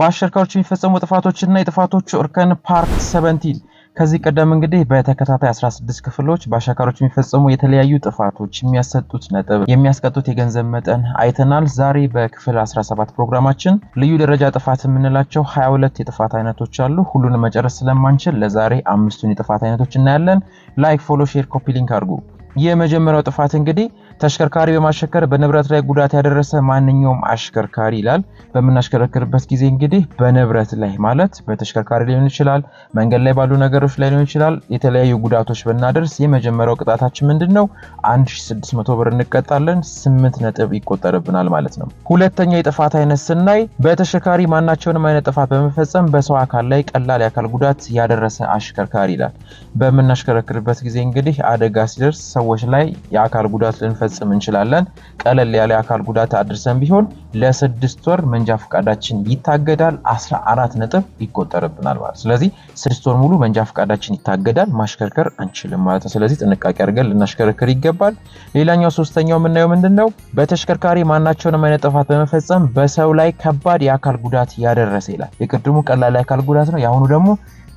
በአሽከርካሪዎች የሚፈጸሙ ጥፋቶችና የጥፋቶቹ እርከን ፓርት ሰቨንቲን ከዚህ ቀደም እንግዲህ በተከታታይ 16 ክፍሎች በአሽከርካሪዎች የሚፈጸሙ የተለያዩ ጥፋቶች፣ የሚያሰጡት ነጥብ፣ የሚያስቀጡት የገንዘብ መጠን አይተናል። ዛሬ በክፍል 17 ፕሮግራማችን ልዩ ደረጃ ጥፋት የምንላቸው 22 የጥፋት አይነቶች አሉ። ሁሉን መጨረስ ስለማንችል ለዛሬ አምስቱን የጥፋት አይነቶች እናያለን። ላይክ፣ ፎሎ፣ ሼር፣ ኮፒ ሊንክ አድርጉ። የመጀመሪያው ጥፋት እንግዲህ ተሽከርካሪ በማሽከር በንብረት ላይ ጉዳት ያደረሰ ማንኛውም አሽከርካሪ ይላል። በምናሽከረክርበት ጊዜ እንግዲህ በንብረት ላይ ማለት በተሽከርካሪ ሊሆን ይችላል፣ መንገድ ላይ ባሉ ነገሮች ላይ ሊሆን ይችላል። የተለያዩ ጉዳቶች ብናደርስ የመጀመሪያው ቅጣታችን ምንድን ነው? 1600 ብር እንቀጣለን። 8 ነጥብ ይቆጠርብናል ማለት ነው። ሁለተኛ የጥፋት አይነት ስናይ በተሽከርካሪ ማናቸውንም አይነት ጥፋት በመፈጸም በሰው አካል ላይ ቀላል የአካል ጉዳት ያደረሰ አሽከርካሪ ይላል። በምናሽከረክርበት ጊዜ እንግዲህ አደጋ ሲደርስ ሰዎች ላይ የአካል ጉዳት ልንፈ ልንፈጽም እንችላለን። ቀለል ያለ የአካል ጉዳት አድርሰን ቢሆን ለስድስት ወር መንጃ ፈቃዳችን ይታገዳል። አስራ አራት ነጥብ ይቆጠርብናል ማለት ስለዚህ ስድስት ወር ሙሉ መንጃ ፈቃዳችን ይታገዳል፣ ማሽከርከር አንችልም ማለት ነው። ስለዚህ ጥንቃቄ አድርገን ልናሽከረክር ይገባል። ሌላኛው ሶስተኛው የምናየው ምንድን ነው? በተሽከርካሪ ማናቸውንም አይነት ጥፋት በመፈጸም በሰው ላይ ከባድ የአካል ጉዳት ያደረሰ ይላል። የቅድሙ ቀላል የአካል ጉዳት ነው። የአሁኑ ደግሞ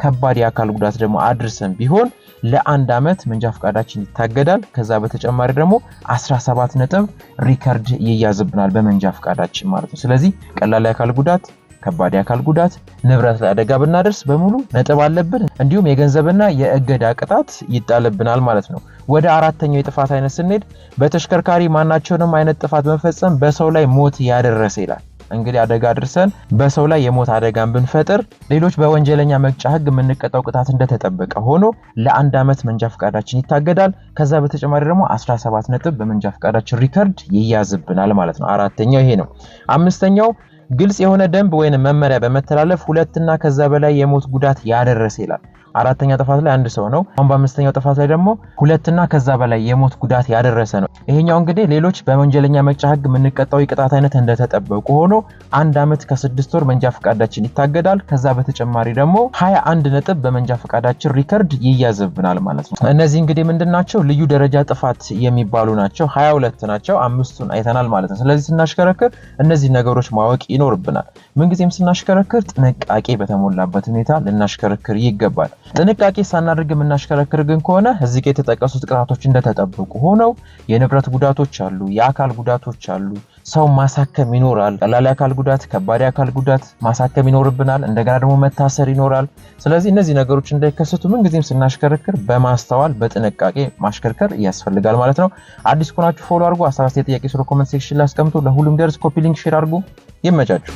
ከባድ የአካል ጉዳት ደግሞ አድርሰን ቢሆን ለአንድ ዓመት መንጃ ፈቃዳችን ይታገዳል። ከዛ በተጨማሪ ደግሞ 17 ነጥብ ሪከርድ ይያዝብናል በመንጃ ፈቃዳችን ማለት ነው። ስለዚህ ቀላል የአካል ጉዳት፣ ከባድ የአካል ጉዳት፣ ንብረት ላይ አደጋ ብናደርስ በሙሉ ነጥብ አለብን። እንዲሁም የገንዘብና የእገዳ ቅጣት ይጣልብናል ማለት ነው። ወደ አራተኛው የጥፋት አይነት ስንሄድ በተሽከርካሪ ማናቸውንም አይነት ጥፋት በመፈጸም በሰው ላይ ሞት ያደረሰ ይላል። እንግዲህ አደጋ አድርሰን በሰው ላይ የሞት አደጋን ብንፈጥር ሌሎች በወንጀለኛ መቅጫ ህግ የምንቀጣው ቅጣት እንደተጠበቀ ሆኖ ለአንድ ዓመት መንጃ ፈቃዳችን ይታገዳል። ከዛ በተጨማሪ ደግሞ 17 ነጥብ በመንጃ ፈቃዳችን ሪከርድ ይያዝብናል ማለት ነው። አራተኛው ይሄ ነው። አምስተኛው ግልጽ የሆነ ደንብ ወይም መመሪያ በመተላለፍ ሁለትና ከዛ በላይ የሞት ጉዳት ያደረሰ ይላል። አራተኛ ጥፋት ላይ አንድ ሰው ነው። አሁን በአምስተኛው ጥፋት ላይ ደግሞ ሁለትና ከዛ በላይ የሞት ጉዳት ያደረሰ ነው። ይሄኛው እንግዲህ ሌሎች በወንጀለኛ መቅጫ ህግ የምንቀጣው የቅጣት አይነት እንደተጠበቁ ሆኖ አንድ ዓመት ከስድስት ወር መንጃ ፈቃዳችን ይታገዳል። ከዛ በተጨማሪ ደግሞ ሀያ አንድ ነጥብ በመንጃ ፈቃዳችን ሪከርድ ይያዝብናል ማለት ነው። እነዚህ እንግዲህ ምንድን ናቸው? ልዩ ደረጃ ጥፋት የሚባሉ ናቸው። ሀያ ሁለት ናቸው። አምስቱን አይተናል ማለት ነው። ስለዚህ ስናሽከረክር እነዚህ ነገሮች ማወቅ ይኖርብናል። ምንጊዜም ስናሽከረክር ጥንቃቄ በተሞላበት ሁኔታ ልናሽከረክር ይገባል። ጥንቃቄ ሳናደርግ የምናሽከረክር ግን ከሆነ እዚህ ጋር የተጠቀሱት ቅጣቶች እንደተጠበቁ ሆነው የንብረት ጉዳቶች አሉ፣ የአካል ጉዳቶች አሉ። ሰው ማሳከም ይኖራል። ቀላል የአካል ጉዳት፣ ከባድ የአካል ጉዳት ማሳከም ይኖርብናል። እንደገና ደግሞ መታሰር ይኖራል። ስለዚህ እነዚህ ነገሮች እንዳይከሰቱ ምንጊዜም ስናሽከረክር በማስተዋል በጥንቃቄ ማሽከርከር ያስፈልጋል ማለት ነው። አዲስ ከሆናችሁ ፎሎ አድርጉ። 19 ጥያቄ ስለ ኮመንት ሴክሽን ላስቀምጡ። ለሁሉም ደርስ ኮፒ ሊንክ ሼር አድርጉ። ይመቻችሁ።